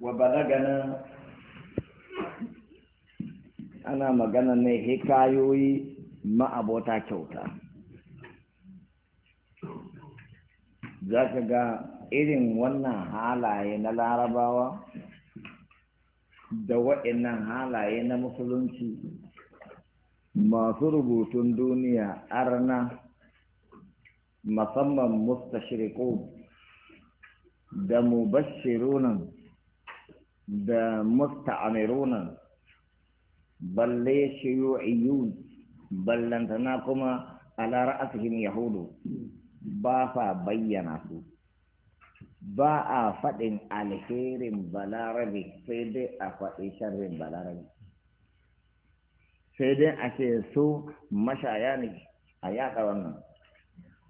Wa na, ana magana ne hikayoyi ma'abota kyauta za ka ga irin wannan halaye na larabawa da waɗannan halaye na musulunci masu rubutun duniya arna musamman mustashriku da mubashirunan da musta'amiruna balle shuyu'iyun ballantana kuma ala ra'asihim yahudu ba fa bayyana su ba a faɗin alherin balarabe sai dai a faɗi sharrin balarabe sai dai a ce su mashaya ne a yaɗa wannan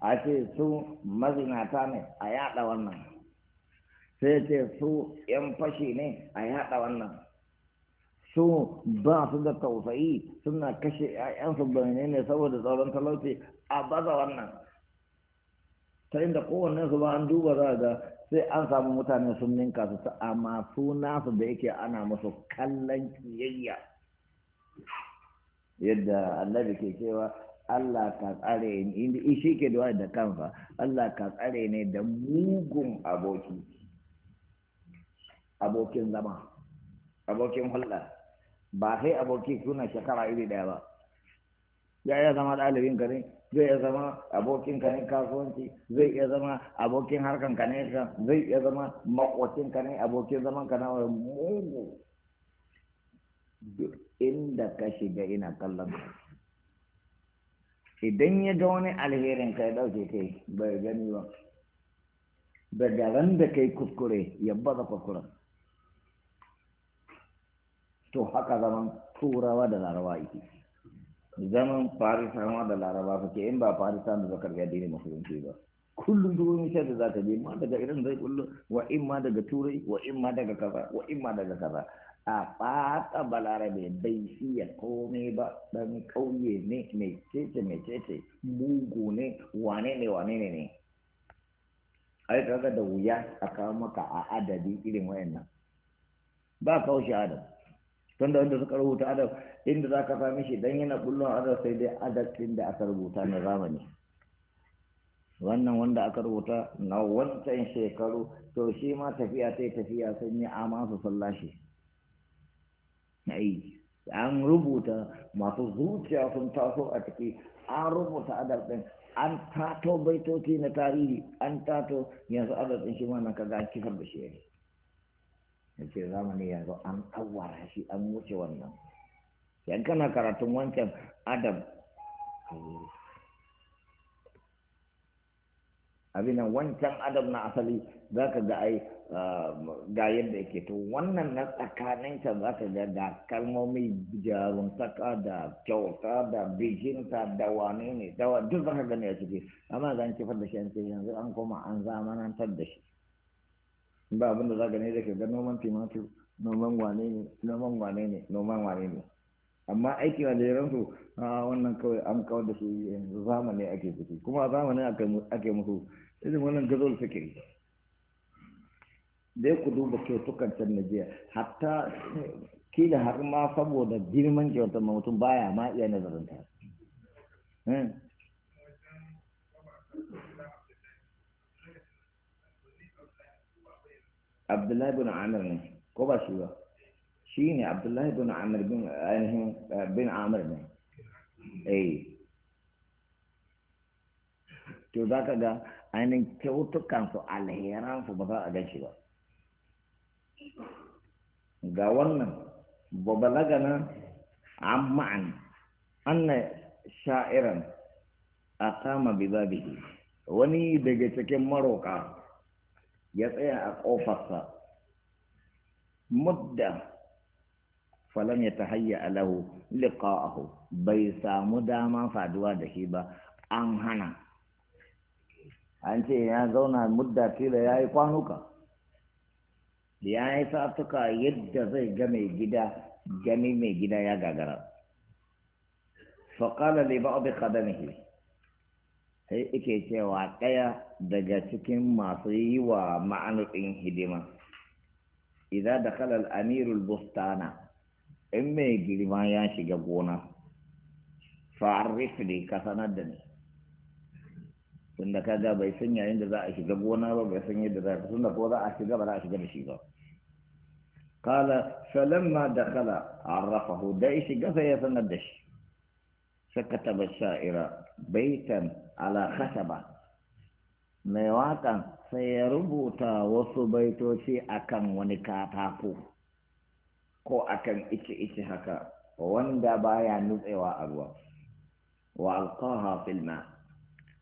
a ce su mazinata ne a yaɗa wannan sai ce su ‘yan fashi ne a yaɗa wannan su ba su da tausayi suna kashe ‘ya'yansu bane ne saboda tsoron talauci a baza wannan ta inda kowanne su ba an duba za ga sai an samu mutane sun ninka su amma su nasu da yake ana musu kallon kiyayya yadda annabi ke cewa Allah ka tsare ni shi ke da kansa Allah ka tsare ne da mugun aboki abokin zama abokin hulɗa ba sai aboki suna shekara iri ɗaya ba ya iya zama ɗalibin ka ne zai iya zama abokin ka ne kasuwanci zai iya zama abokin harkan ka ne zai iya zama makwacin ka ne abokin zaman ka na mugu inda ka shiga ina kallon ka idan ya ga wani alherin ka ya ɗauke kai bai gani ba daga ran da kai kuskure ya baza kuskuren to haka zaman turawa da laraba yake zaman farisawa da laraba suke in ba farisawa da zakar ga dini musulunci ba kullum duk wani da za ka je ma daga irin zai kullum wa in ma daga turai wa in ma daga kaza wa in ma daga kaza a ɓata balarabe bai iya komai ba ɗan ƙauye ne mai cece mai cece mugu ne wane ne wane ne ne ai kaga da wuya a kawo maka a adadi irin wayannan ba kawo shi adam tunda wanda suka rubuta adab inda za ka sami shi dan yana bullon adab sai dai adab da aka rubuta na zamani wannan wanda aka rubuta na wancan shekaru to shi ma tafiya sai tafiya sun yi amma su sallashi an rubuta masu zuciya sun taso a ciki an rubuta adab ɗin an tato baitoci na tarihi an tato yanzu adab din shi ma na kaga kifar da shi da ce zamani yanzu an awara shi an wuce wannan yan kana karatun wancan adam nan wancan adam na asali za ka ga ai ah, ga yadda yake to wannan na tsakaninta za ka ga da kalmomi jaruntaka da kyauta da bijinta da wane ne duk za ka gani a ciki amma zan kifar da shi yanzu an koma an zamanantar da shi ba abin da za gane da ka ga noman timatir noman wane ne noman wane ne noman wane ne amma aiki a jeren su a wannan kawai an kawar da shi zamani ake ciki kuma a zamanin ake musu irin wannan gazol suke dai ku duba kyautukan can na jiya hatta kila har ma saboda girman kyautar mutum baya ma iya nazarin ta eh? abdullahi bin amir ne ko ba shi ba shi ne abdullahi bin amir bin ainihin eh, bin amir ne eh to za ka ga ainihin kyautukansu alheransu ba za a gan shi ba ga wannan babalaga na amma'an, an anna sha'iran a kama bizabihi wani daga cikin maroka ya tsaya a ƙofarsa mudda falam ya ta hayya alahu liqa'ahu bai samu dama faduwa da shi ba an hana an ce ya zauna mudda tila ya yi kwanuka ya yi satuka yadda zai ga mai gida gani mai gida ya gagara faƙala li ba'd qadamihi sai ike cewa ɗaya daga cikin masu yi wa ma'anuɗin hidima idan da kalal amirul bustana in mai girma ya shiga gona fa'arrif ne ka sanar da ni tunda kaga bai san yayin da za a shiga gona ba bai san yadda za a tunda ko za a shiga ba za a shiga da shi ba kala falamma dakala arrafahu da shiga sai ya sanar da shi فكتب sha'ira baitan على ba. mai waƙan sai ya rubuta wasu baitoci akan wani katako ko akan ice-ice haka wanda baya nutsewa a ruwa wa alqaha fil ma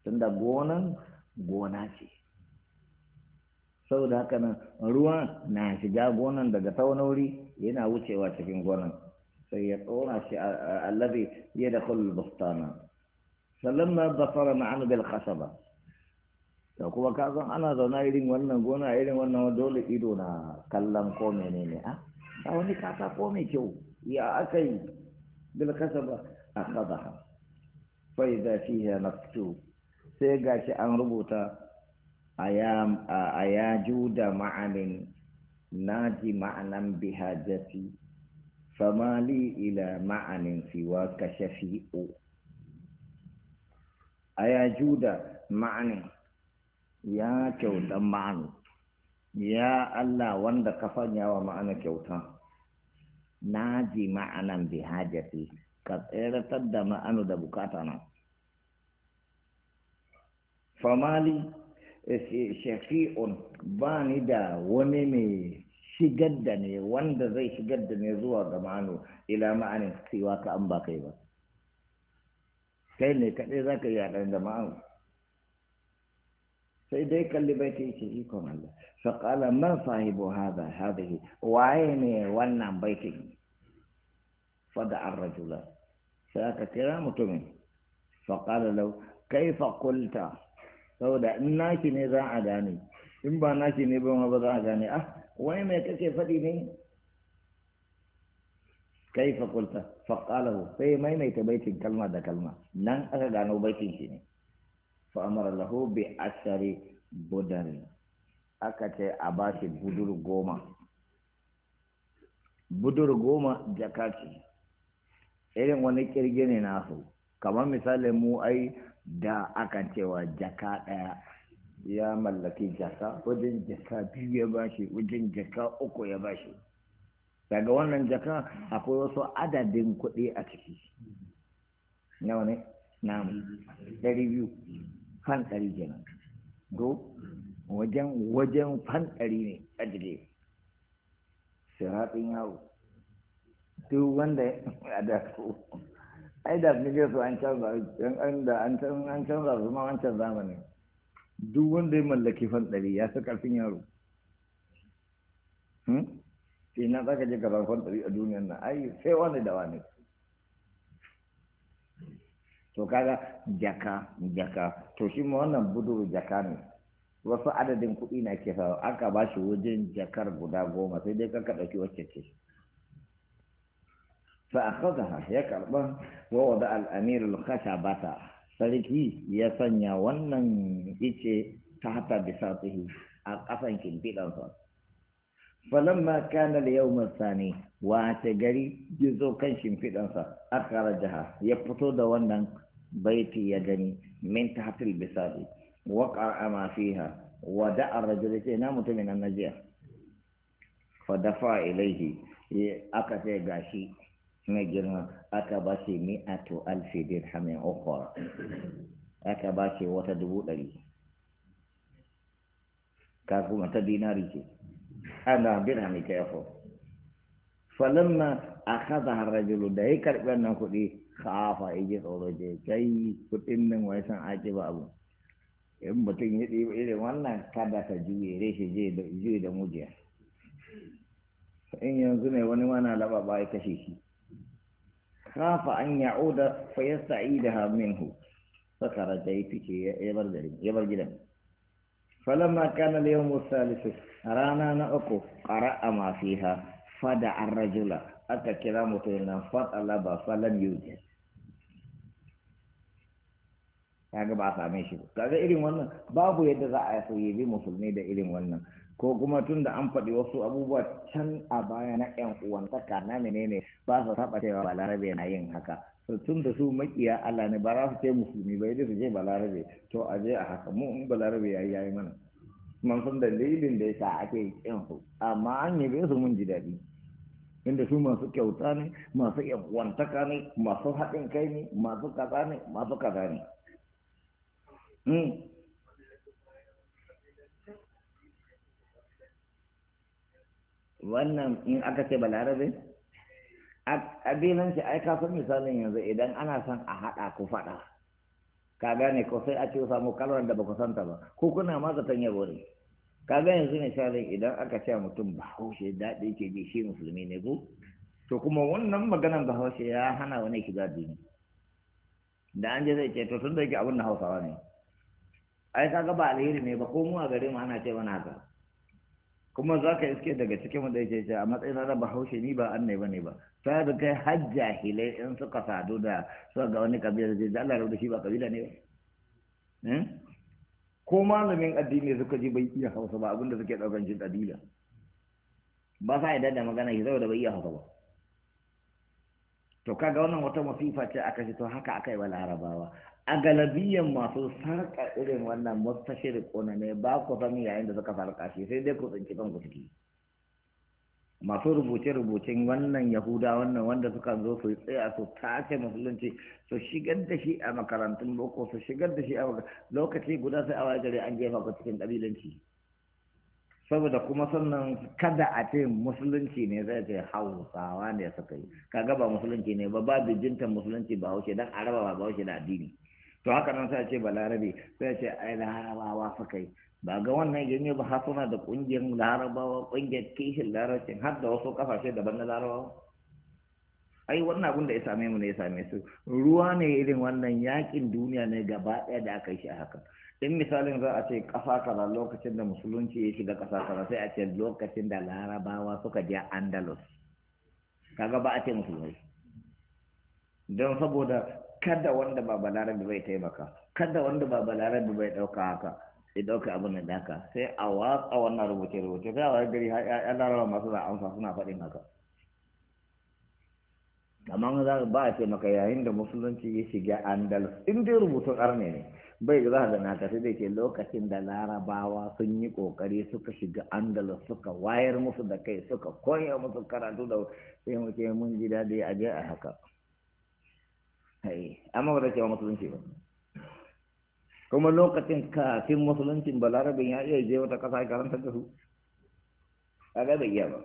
tunda gonan gona ce saboda haka nan ruwa na shiga gonan daga ta yana wucewa cikin gonan سيطور الذي يدخل البستان فلما ظفر معنا بالخشبة kuma ka san ana zauna irin wannan gona irin wannan dole ido na kallon ko ne a ah? ba wani kasa ko mai kyau ya aka yi bil kasaba akhadha da shi ya maktub sai gashi an rubuta ayam ayajuda ma'anin naji ma'anan bihajati famali ila ma'anin siwa shafi'u Ayajuda, ya ya kyauta ma'anin ya Allah wanda ka fanya wa ma'ana kyauta na ji ma'anan bi hajjafi ka tseratar da ma'anu da bukata na famali eh, eh, shafi'un ba ni da wani mai shigar da ne wanda zai shigar da ne zuwa ga ma'ano ila ma'anin cewa ka an ba kai ba kai ne kaɗai za ka yi haɗar da ma'ano sai dai kalli bai ta ce ikon Allah faƙala man sahibu hada hadahi waye ne wannan baitin fada an rajula sai aka kira mutumin faƙala lau kaifa kulta saboda in naki ne za a gane in ba naki ne ba ma ba za a gane ah wai mai kake faɗi ne kai fakulta faƙalahu sai maimaita baitin kalma da kalma nan aka gano baitin shi ne fa'amara lahu bi ashari budari aka ce a ba shi budur goma budur goma jaka ce irin wani kirgi ne nasu kamar misali mu ai da akan cewa jaka ɗaya ya mallaki jaka wajen jaka biyu ya bashi wajen jaka uku ya bashi daga wannan jaka akwai wasu adadin kuɗi a ciki nawa ne namu ɗari biyu fan ɗari kenan do wajen wajen fan ɗari ne a jirgin sirafin yawo duk wanda ya da su ai da ne so an canza an canza su ma wancan zamani. duk wanda ya mallaki ɗari ya fi ƙarfin yaro hmm? sai na za ka je gaban ɗari a duniyar nan ai sai wani da wani to kaga jaka jaka to shi ma wannan budu jaka ne wasu adadin kuɗi na ke sa aka ba shi wajen jakar guda goma sai dai kanka ɗauki wacce ce fa akhadha ya karba wa wada al amir al khashabata sarki ya sanya wannan ice ta hata bisa tsihi a ƙasan kimfiɗansa falamma kana da yau masani wace gari gizo kan a akara jiha ya fito da wannan baiti ya gani min ta hatil bisari wa ƙar'ama fiha wa da'ar rajul ce na mutumin annajiya fa dafa ilaihi aka ce gashi mai girma aka ba shi mi'atu alfi dirhamin ukhra aka ba shi wata dubu ɗari ka kuma ta dinari ce ana ka ta yafo falamma akhadha ar-rajulu da ya karɓi wannan kuɗi khafa yaji tsoro je kai kuɗin nan wai san ake ba abu in mutum ya ɗiba irin wannan kada ka juye reshe je da mujiya in yanzu ne wani mana laɓaɓa ya kashe shi kafa an ya'uda fa yasta'idaha minhu فخرج يفكي يبرجل يبرجل فلما كان اليوم الثالث رانا نأكو قرأ ما فيها فدع الرجل أتى كلام طيلنا فطلب فلم يوجد kaga ba a sami shi kaga irin wannan babu yadda za a so yi bi musulmi da irin wannan ko kuma tun da an faɗi wasu abubuwa can a baya na ƴan uwantaka na menene ba su saba cewa balarabe na yin haka to tun da su makiya Allah ne ba za su ce musulmi ba yadda su ce balarabe to a je a haka mu in balarabe ya yi mana man san dalilin da yasa ake yin su amma an yabe su mun ji daɗi inda su masu kyauta ne masu ƴan uwantaka ne masu haɗin kai ne masu kaza ne masu kaza ne hmm. wannan in aka ce balarabe shi ai ka san misalin yanzu idan ana son a haɗa ku faɗa ka gane ko sai a ce samu kalmar da ba ku santa ba ko kuna ma zaton yabo ne ka ga yanzu misalin idan aka ce mutum bahaushe daɗi ke ji shi musulmi ne ko to kuma wannan maganan bahaushe ya hana wani kiga dini da an je zai ce to tun da yake abin na hausawa ne ai ka ga ba alheri ne ba ko mu a gare mu ana ce mana haka kuma za ka iske daga cikin wanda yake ce a matsayin na bahaushe ni ba annai ba ne ba ta da kai hajja jahilai in suka sadu da suka ga wani kabila da da da shi ba kabila ne ba hmm? ko malamin addini suka ji bai iya hausa ba abinda suke daukan jin kabila ba sa yadda da magana shi saboda bai iya hausa ba to kaga wannan wata masifa ce aka ce to haka aka yi wa larabawa a galabiyan masu sarƙa irin wannan mustashir ƙona ne ba ku san yayin da suka sarƙa shi sai dai ku tsinci ku ciki masu rubuce-rubucen wannan yahuda wannan wanda suka zo su tsaya su tace musulunci su shigar da shi a makarantun boko su shigar da shi a lokaci guda sai a waye an jefa ku cikin ƙabilanci saboda kuma sannan kada a ce musulunci ne zai ce hausawa ne suka yi kaga ba musulunci ne ba ba bijinta musulunci ba haushe dan araba ba haushe da addini to haka nan sai ce balarabe sai ce ai larabawa fa kai. ba ga wannan ganye ba hasuna da kungiyar larabawa kungiyar kishin larabcin har da wasu kafashe daban na larabawa ai wannan abin da ya same mu ne ya same su ruwa ne irin wannan yakin duniya ne gaba ɗaya da aka yi shi a haka in misalin za a ce kasa kaza lokacin da musulunci ya shiga ƙasa kaza sai a ce lokacin da larabawa suka je andalus kaga ba a ce musulmai don saboda kada wanda ba balarabi bai taimaka kada wanda ba balarabi bai dauka haka sai dauka abin da haka sai a watsa wannan rubuce-rubuce a wani gari ya larawa masu da amsa suna faɗin haka amma za ba a ce maka yayin da musulunci ya shiga andalus in dai rubutun arne ne bai za ga naka sai da ke lokacin da larabawa sun yi kokari suka shiga andalus suka wayar musu da kai suka koya musu karatu da sai muke mun gida daɗi a je a haka amma ba ta cewa musulunci ba kuma lokacin kafin musuluncin balarabin ya iya je wata ƙasa karanta da su a ga bai iya ba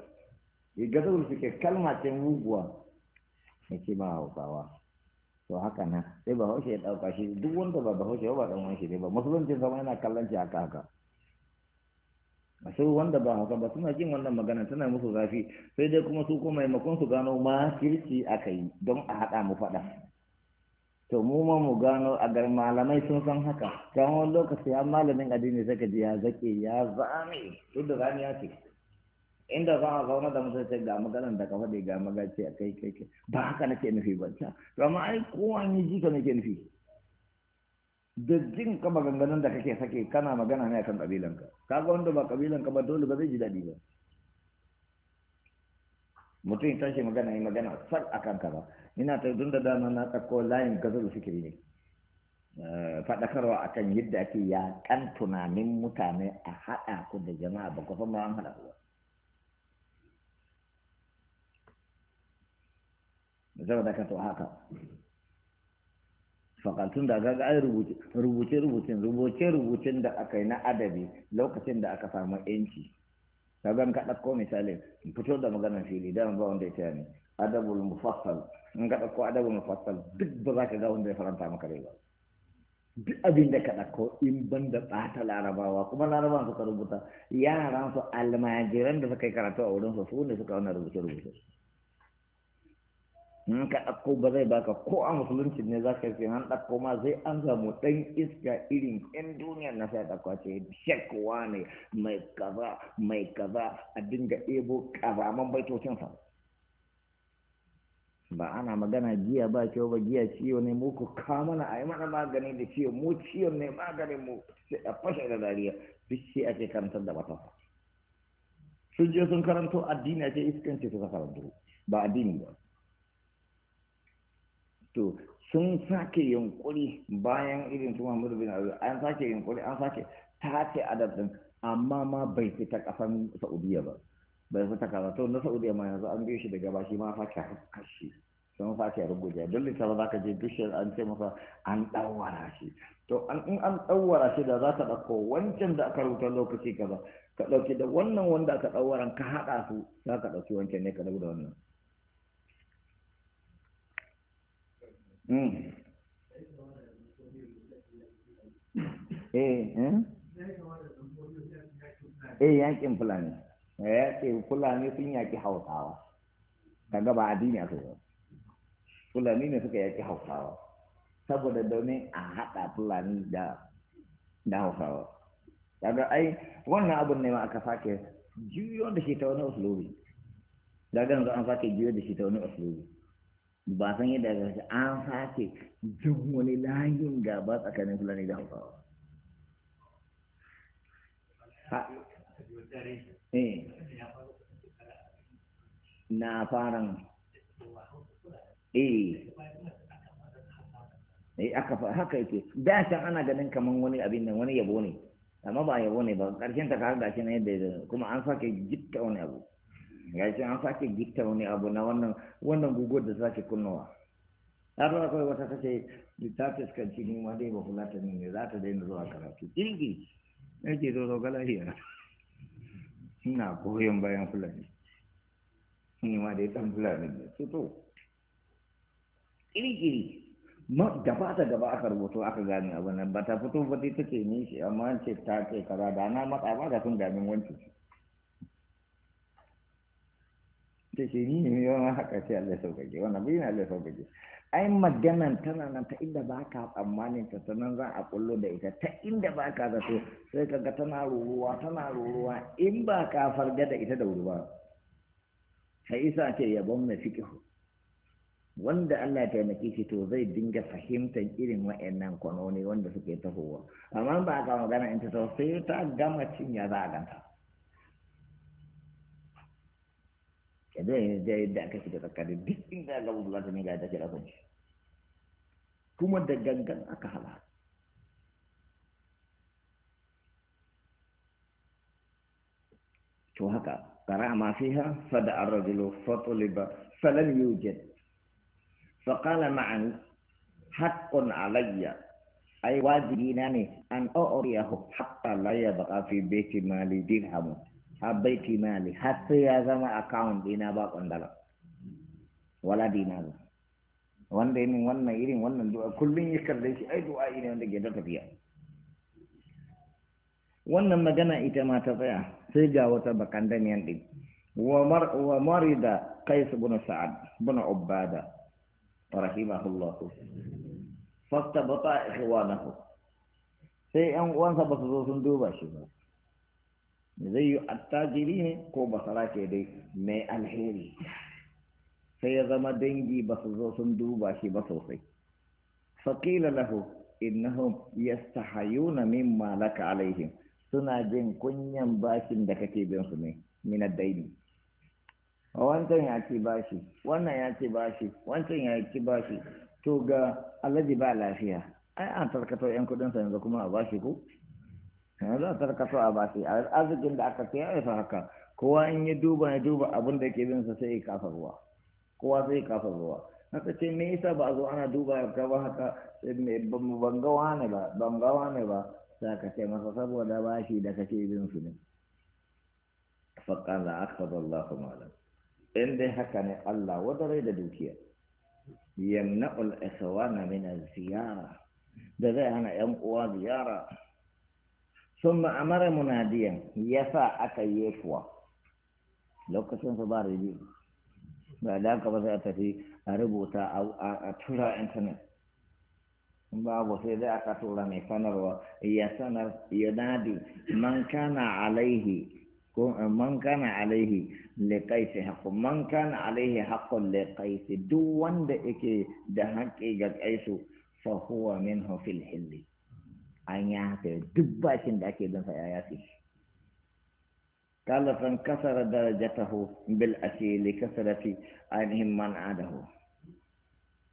gazawar suke kalma ce muguwa ya ce ma hausawa to haka na sai ba haushe ya dauka shi duk wanda ba ba haushe ba ɗan wani shi ba musuluncin zama yana kallon shi haka haka sai wanda ba haka ba suna jin wannan magana tana musu zafi sai dai kuma su kuma maimakon su gano ma kirki aka yi don a haɗa mu faɗa to mu ma mu gano a gar malamai sun san haka kan wani lokaci ya malamin addini zaka ji ya zake ya zame duk da rani ya ce inda za a zauna da mutum ce ga maganar da ka faɗi ga magaci a kai kai kai ba haka nake nufi ba ta amma ai kowa ni ji ka nake nufi da jin ka maganganun da kake sake kana magana ne akan kabilanka kaga wanda ba kabilanka ba dole ba zai ji daɗi ba mutum ya tashi magana yi magana sar akan ka ba ina ta da dama na tsakko layin gazal fikiri ne eh, faɗakarwa akan yadda ake ya kan tunanin mutane a haɗa ku da jama'a ba kwafan ma an haɗa ba saboda ka to haka fakaltun da gaga ai rubuce rubucin rubuce rubucin da aka yi na adabi lokacin da aka samu yanci kaga ka ɗauko misali fito da maganar fili dama ba wanda ya ne adabul mufassal in ka ɗauko adabu mafassal duk ba za ka ga wanda ya faranta maka rai ba duk abin da ka ɗauko in ban da ɓata larabawa kuma larabawa suka rubuta yaran su almajiran da suka yi karatu a wurin su su ne suka wannan rubuce rubuce in ka ɗauko ba zai baka ko a musulunci ne za ka yi an ɗauko ma zai an samu ɗan iska irin 'yan duniya na sai ɗauko ce shek ne mai kaza mai kaza a dinga ɗebo ƙazaman baitocinsa ba ana magana giya ba kyau ba giya ciwo ne mu ku kamana a yi mana magani da ciwo mu ciwon ne maganin mu sai a fashe da dariya duk shi ake karantar da matasa sun je sun karanto addini ake iskanci ta karanto ba addini ba to sun sake yunkuri bayan irin su Muhammadu bin Ali an sake yunkuri an sake tace adab din amma ma bai fita kasan Saudiya ba bai fita kaza to na Saudiya ma yanzu an biyo shi daga ba shi ma fa ka kashi sun sake rubuce don littafa za ka je dushen an ce masa an ɗawara shi to in an ɗawara shi da za ka ɗauko wancan da aka rubuta lokaci kaza ka ɗauki da wannan wanda aka ɗawaran ka haɗa su za ka ɗauki wancan ne ka ɗau da wannan hmm. eh, hmm? eh yankin fulani eh, yaƙi fulani sun yaƙi hausawa daga ba addini a yi fulani ne suka yaki hausawa saboda domin a haɗa fulani da da hausawa daga ai wannan abun ne ma aka sake juyo da shi ta wani uslubi daga yanzu an sake juyo da shi ta wani uslubi ba san yadda ga shi an sake duk wani layin gaba tsakanin fulani da hausawa eh, na faran eh eh aka fa haka yake da san ana ganin kaman wani abin nan wani yabo ne amma ba yabo ne ba karshen ta kaga shi na yadda kuma an sake gitta wani abu ce an sake gitta wani abu na wannan wannan gugu da sake kunnawa har ba kawai wata kace ta fuskanci ni ma dai ba fulata ne za ta daina zuwa karatu jirgi nake zo zo galahiya ina goyon bayan fulani ni ma dai dan fulani ne to iri-iri gaba da gaba aka rubuto aka gane abu nan ba ta fito ba ta ce ni shi amma ce ta ce kaza da na matsa ba ta sun gamin wancan ta ce ni ne yawan haka ce Allah sauƙaƙe wannan bai na Allah sauƙaƙe ai maganan tana nan ta inda ba ka tsammanin ta sanan za a kullo da ita ta inda ba ka zato sai kaga tana ruruwa tana ruruwa in ba ka farga da ita da wuri ba sai isa ce yabon mai fiƙihu wanda Allah ya taimake shi to zai dinga fahimtar irin wa'annan kwanoni wanda suke tahowa amma ba ka magana in ta taho sai ta gama cinya za a ganta yadda yin da yadda aka shiga tsakanin duk inda ga wuzu za ta ga ta kira kwanci kuma da gangan aka hala to haka qara'ama fiha fada ar-rajulu fataliba falam yujad فقال معا حق علي أي ديناني أن أعطيه حتى لا يبقى في بيت مالي درهم بيت مالي حتى يزم أكاون دينا باق عندنا ولا دينار وان دين وان نيرين وان دعاء كل يكر ليش أي دعاء إني عندك جدك فيها وان ما جنا إتما تطيع سجا وتبقى عندنا يندي ومر ومرد قيس بن سعد بن عبادة a الله فاستبطأ إخوانه sai ‘yan uwansa ba su zo sun duba shi ba zai yi attajiri ne ko basara ke dai mai alheri sai ya zama dangi ba su zo sun duba shi ba sosai faƙila lahu innahum yastahayuna mimma laka alaihim suna jin kunyan bashin da kake bin su ne minaddaini wancan ya ci bashi wannan ya ci bashi wancan ya ci bashi to ga alaji ba lafiya ai an tarkato yan kudin sa yanzu kuma a bashi ko yanzu a tarkato a bashi arzikin da aka ce ya isa haka kowa in ya duba ya duba abin da ke bin sa sai ya kafa ruwa kowa sai ya kafa ruwa ta ce me yasa ba a zo ana duba ya ba haka ban ga wane ba ban ga wane ba sai ka ce masa saboda bashi da kake bin su ne فقال أخذ الله مالا in dai haka ne Allah rai da dukiya yamna'ul ikhwana min ziyara da zai hana yan uwa ziyara Ya sa aka yi sun Lokacin أمر ba يسا أكيفوا Ba da صبار يجي ba ذلك tafi a rubuta a tura intanet. babu sai dai aka tura mai sanarwa ya sanar ya nadi man kana alaihi man kana alaihi liqaisi haqqun duk wanda yake da haƙƙi ga qaisu fa huwa minhu fil an ya haka duk bashin da ake dinsa ya yafi kala san kasara darajatahu bil asili kasarati ainihin man adahu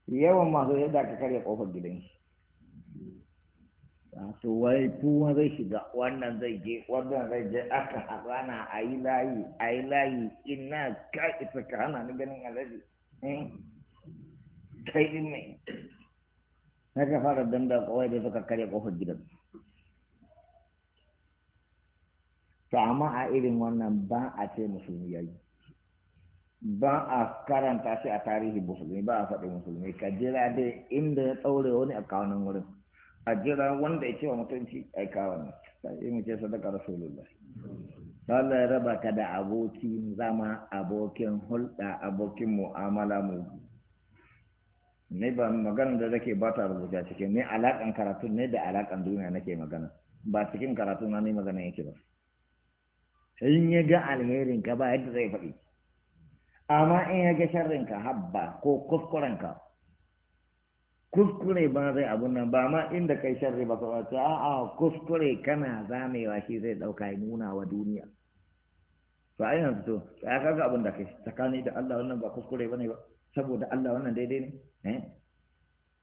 yawan masu yadda ka karya kofar gidan to wai kowa zai shiga wannan zai je wannan zai je aka harana a yi layi a yi layi ina ka isa ka hana ni ganin alaji hmm? kai din mai na ka fara danda kawai da suka karya kofar gidan to amma a irin wannan ba a ce musulmi yayi ba a karanta shi a tarihi musulmi ba a faɗi musulmi ka jira dai inda ya tsaure wani a kawunan wurin a wanda ya ce wa mutunci aikawa ne sai mu ce sadaka rasulullah Allah ya raba ka da abokin zama abokin hulɗa abokin mu'amala mu ne ba magana da zake ba ta rubuta cikin ne alakan karatu ne da alakan duniya nake magana ba cikin karatu na ne magana yake ba in ya ga alherin ka ba yadda zai faɗi amma in ya ga sharrin ka habba ko kuskuren ka kuskure ba zai abun nan ba ma inda kai sharri ba kawai ce a'a kuskure kana zamewa shi zai ɗauka ya nuna wa duniya to ai yanzu to ya kaga abin da kai tsakani da Allah wannan ba kuskure bane ba saboda Allah wannan daidai ne eh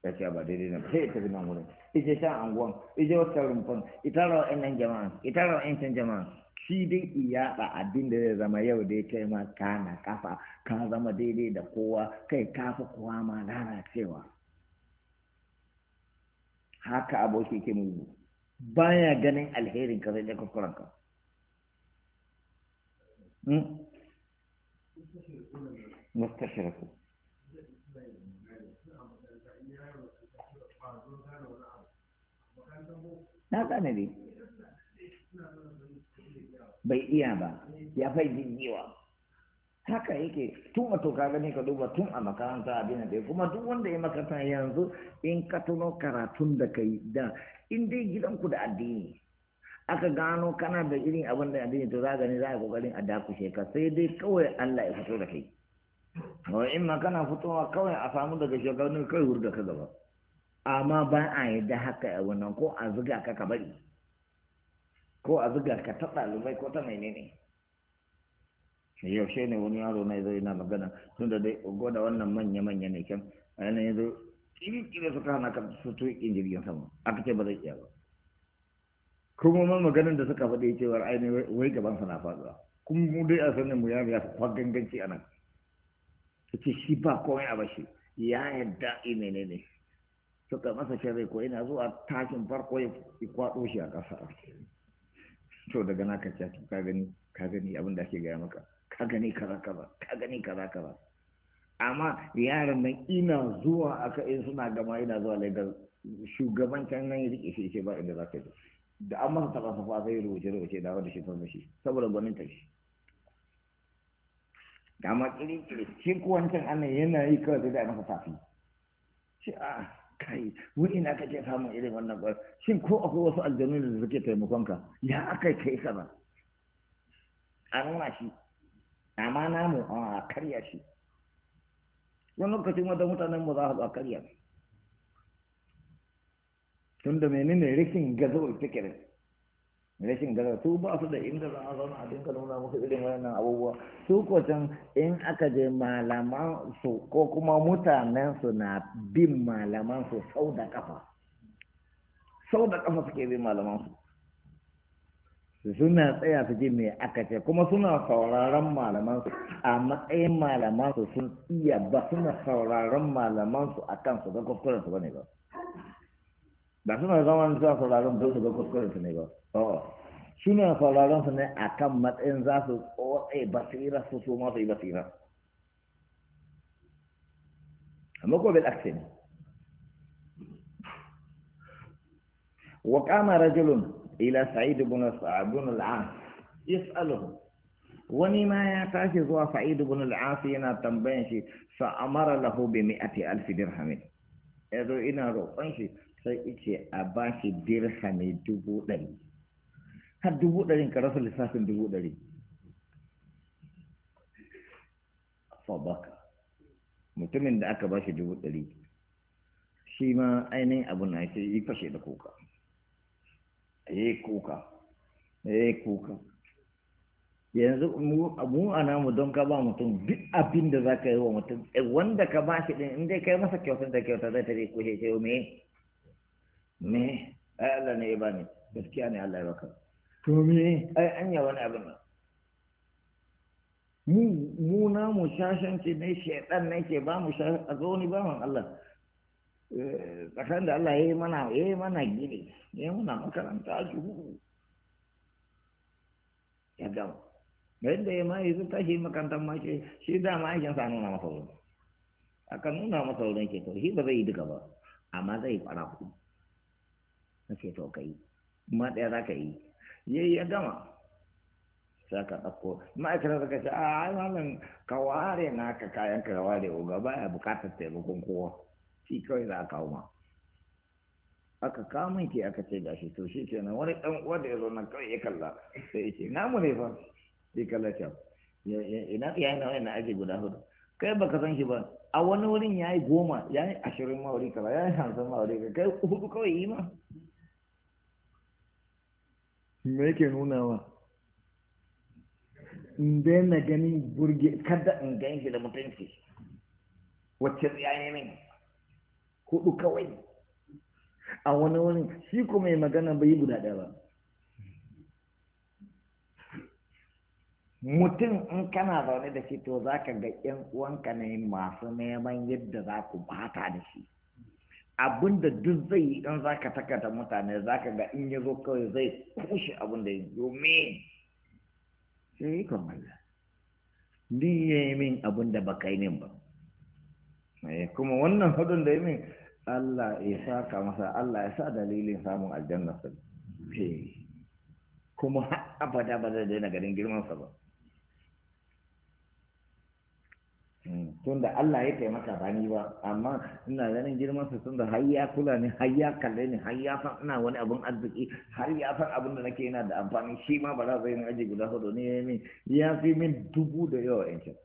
ya ce ba daidai ne ba sai ta nan wurin ije shan anguwan ije wata rumfan ita rawa ɗan jama'a ita rawa ɗan jama'a shi dai ba abin da zai zama yau dai kai ma kana kafa ka zama daidai da kowa kai kafa kowa ma lalacewa haka aboki ke mugu baya ganin alherin ka zai ɗaya kuskuren ka hmm? mustashirku na gane ne. bai iya ba ya fai jijiwa haka yake tun a to ka gani ka duba tun a makaranta abin da kuma duk wanda ya makaranta yanzu in ka tuno karatun da kai da in dai gidanku da addini aka gano kana da irin abin da addini to za gani za a kokarin a dakushe ka sai dai kawai Allah ya fito da kai wa in ma kana fitowa kawai a samu daga shugabannin kai wurga ka gaba amma ba a yadda haka a wannan ko a zuga ka ka bari ko a zuga ka ta ɗalibai ko ta menene yaushe ne wani yaro na zai na magana tun da dai gwada wannan manya-manya ne kyan a yanayin yanzu kiri-kiri suka hana ka su in jirgin sama aka ce ba zai iya ba kuma man maganin da suka faɗi cewa ainihin wai gaban sana faɗuwa kuma mu dai a sanin mu ya ya kwa ganganci a nan ce shi ba komai a bashi ya yadda ime ne ne suka masa shirai ko ina zuwa tashin farko ya kwaɗo shi a ƙasa to daga na ka ka gani ka gani abin da ake gaya maka ka gani kaza kaza ka gani kaza kaza amma yaran nan ina zuwa aka in suna gama ina zuwa lagos can nan ya rike shi ce ba inda za ka da an masa taba safa sai rubuce rubuce da wanda shi shi saboda gwanin ta shi da ma kiri kiri shi ko wancan annan yana yi kawai da masa tafi shi a ah, kai wani ina kake samun irin wannan ba shin ko akwai wasu aljanu da suke taimakon ka ya akai kai kaza an nuna shi amma namu a karya shi wani lokacin wata mutanen mu za su a karya tun da nuna rikin gazo fikirin rikin gaza su ba su da inda za a zauna a dinka nuna musu irin wannan abubuwa su ko can in aka je malaman su ko kuma mutanen su na bin malaman su sau da kafa sau da kafa suke bin malaman su suna tsaya su ji me aka ce kuma suna sauraron malaman su a matsayin malaman su sun iya ba suna sauraron malaman su a kan su ga kuskuren su bane ba ba suna zama suna sauraron su su ga kuskuren su ne ba oh suna sauraron su ne a kan matsayin za su tsotse basira su su masu yi basira amma ko bil aksi ne wa kama rajulun ila sa'id ibn sa'bun al-an yas'aluhu wani ma ya tashi zuwa sa'id ibn al yana tambayan shi fa amara lahu bi mi'ati alf dirham yazo ina roƙon shi sai yace a bashi dirhami dubu dari har dubu dari ka rasa lissafin dubu ɗari fabaka mutumin da aka bashi dubu dari shi ma ainihin abu na ce yi fashe da kuka yi kuka yi kuka yanzu mu a namu don ka ba mutum duk abin da za ka yi wa mutum eh, wanda ka ba shi ɗin inda kai masa kyautar da kyauta zai ta zai kushe ce oh, me me ai Allah ne ba ne gaskiya ne Allah ya baka to me ai an yi wani abin mu mu na mu shashanci ne shaidan ne ke ba mu a zo ni ba Allah Eh, tsakanin da Allah ya yi mana ya yi mana gini ya yi mana makaranta a juhu ya gama da yadda ya ma yi sun tashi makarantar ma shi shi da ma aikin sa nuna masa wurin kan nuna masa wurin ke to shi ba zai yi duka ba amma zai fara ku na ce to kai ma ɗaya za ka yi ya yi ya gama sai ka ɗauko ma'aikatar suka ce a ai malam ka ware naka kayan ka ware gaba ya bukatar taimakon kowa shi kawai za a kawo ma aka kamun ke aka ce gashi to shi kenan wani dan uwa da ya zo na kawai ya kalla sai ya ce mu ne fa shi kalla ta ina ya na wani na aji guda hudu kai baka san shi ba a wani wurin ya yi goma ya yi ashirin mawari kala ya yi hamsin mawari kai hudu kawai yi ma me yake nunawa in daina ganin burge kada in gan shi da mutunci wacce ya yi min hudu kawai a wani wani shi ko mai magana bai yi guda ɗaya ba mutum in kana zaune da shi to za ka ga yan uwanka ne masu neman yadda za ku bata da shi abin da duk zai yi in za ka takata mutane za ka ga in ya zo kawai zai kushe abin da ya zo me sai yi kan ni ya yi min abin da ba kai min ba eh, kuma wannan hudun da ya min Allah ya saka masa Allah ya sa dalilin samun aljanna sa kuma abada ba zai daina ganin girman sa ba hmm. tunda Allah ya taimaka ba bani ba amma ina ganin girman sa tunda har ya kula ni har ya kalle ni har ya san ina wani abun arziki har ya san abin da nake yana da amfani shi ma ba za zai aji guda hudu ne ya fi min dubu da yawa yankin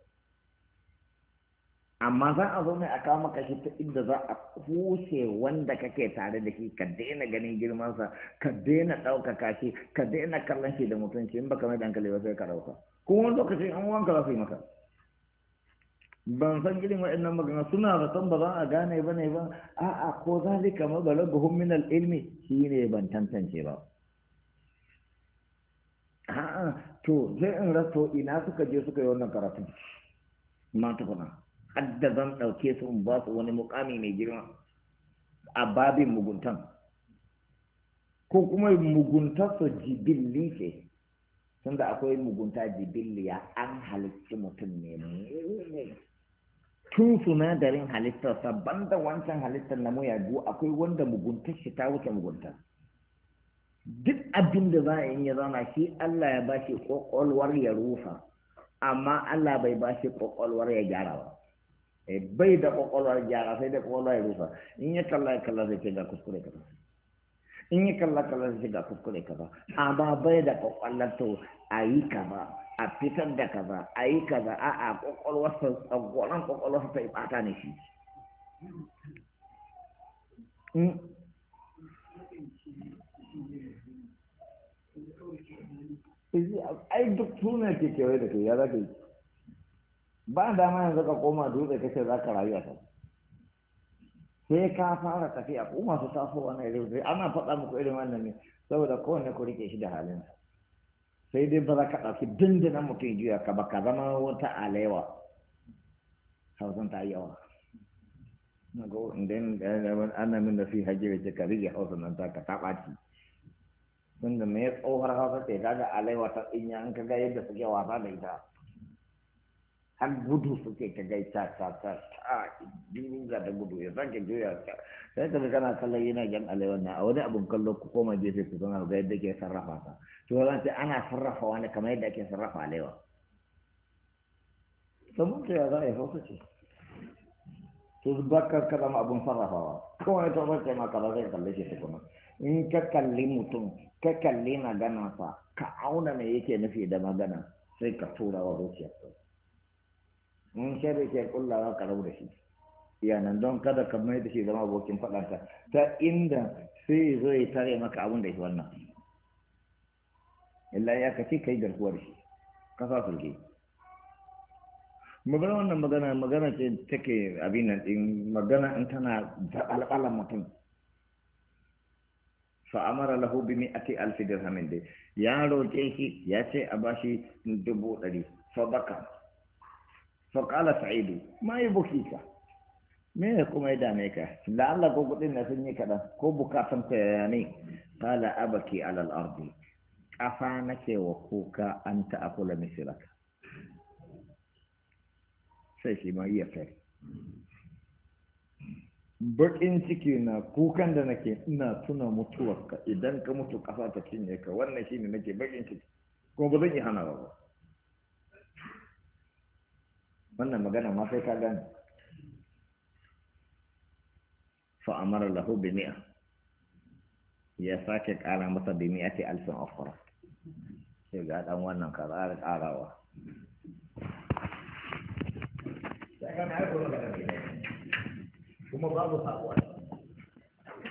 amma za a zo ne a kawo maka shi ta inda za a kushe wanda kake tare da shi ka daina ganin girmansa ka daina ɗaukaka shi ka daina kallon shi da mutunci in baka mai dankali ba sai ka ɗauka kuma wani lokacin an wanka za su yi maka ban san irin waɗannan magana suna zaton ba za a gane ba ne ba a'a ko zalika ma balaghum min al-ilmi ne ban tantance ba a'a to sai in rasto ina suka je suka yi wannan karatun ma tukuna hadda zan ɗauke su in ba su wani mukami mai girma a babin muguntan ko kuma muguntar su jibilli ce tunda akwai mugunta jibilliya an halicci mutum ne tun sunadarin halittarsa banda wancan halittar na muyagu akwai wanda muguntar shi ta wuce mugunta duk abin da za a yi ya zama shi Allah ya ba shi ƙwaƙwalwar ya rufa amma Allah bai ba shi ƙwaƙwalwar ya gyara ba e da kwakwalwa gyara sai da kwakwalwa ya rufa in ya kalla ya kalla zai ce ga kuskure kaza in ya bai da to a yi kaza a fitar da kaza a yi kaza a a kwakwalwarsa tsagwaron kwakwalwarsa ta yi bata ne shi hmm? ai duk suna ke kewaye da ya ba dama yanzu ka koma dutse kace za ka rayu a can sai ka fara tafiya ko masu tasowa na irin ana faɗa muku irin wannan ne saboda kowane ku rike shi da halin sai dai ba za ka ɗauki dindinan mutum juya ka ba ka zama wata alewa hausan ta yi yawa na ga idan ana min da fi hajjira ce ka rige hausa nan ta ka ta ɓaci tunda me tsohuwar hausa ce kaga alewa ta tsinya an ka ga yadda suke wasa da ita har gudu suke ka gai ta ta ta dinga da gudu ya sake juya ta sai ka kana kallon yana jan alewa na a wani abun kallo ku koma gefe ku zama ga yadda ke sarrafa ta to ran sai ana sarrafa wani kamar yadda ake sarrafa alewa sabon ta ya za a yi hausa ce to ba ka ma abun sarrafawa ya ta bakar ma kaza zai kalle shi tukuna in ka kalli mutum ka kalli maganarsa ka auna me yake nufi da magana sai ka tura wa zuciyarsa mun shari ke kullawa ka rabu da shi nan don kada ka mai da shi zama bokin faɗanka ta inda sai zo ya tare maka abin da shi wannan illa ya ka ce kai garkuwar shi ka sa sulke magana wannan magana magana ce take abin nan din magana in tana da alƙalan mutum fa amara lahu bi mi'ati alfi dirhamin dai ya roƙe shi ya ce a bashi dubu ɗari fa baka faƙala sa'idu ma yi buki ka me ne kuma ya dame ka da Allah ko kuɗin na sun yi kaɗan ko bukatan ta yaya ne kala abaki alal ardi ƙafa na ke wa kuka an ta a kula misiraka sai shi ma iya kai baƙin ciki na kukan da nake ina tuna mutuwarka idan ka mutu ƙasa ta cinye ka wannan shi shine nake baƙin ciki kuma ba zan yi hana ba wannan magana ma sai ka gane fa amara lahu bi mi'a ya sake kara masa bi mi'a ta alfin ukhra sai ga dan wannan karar karawa kuma babu sabuwa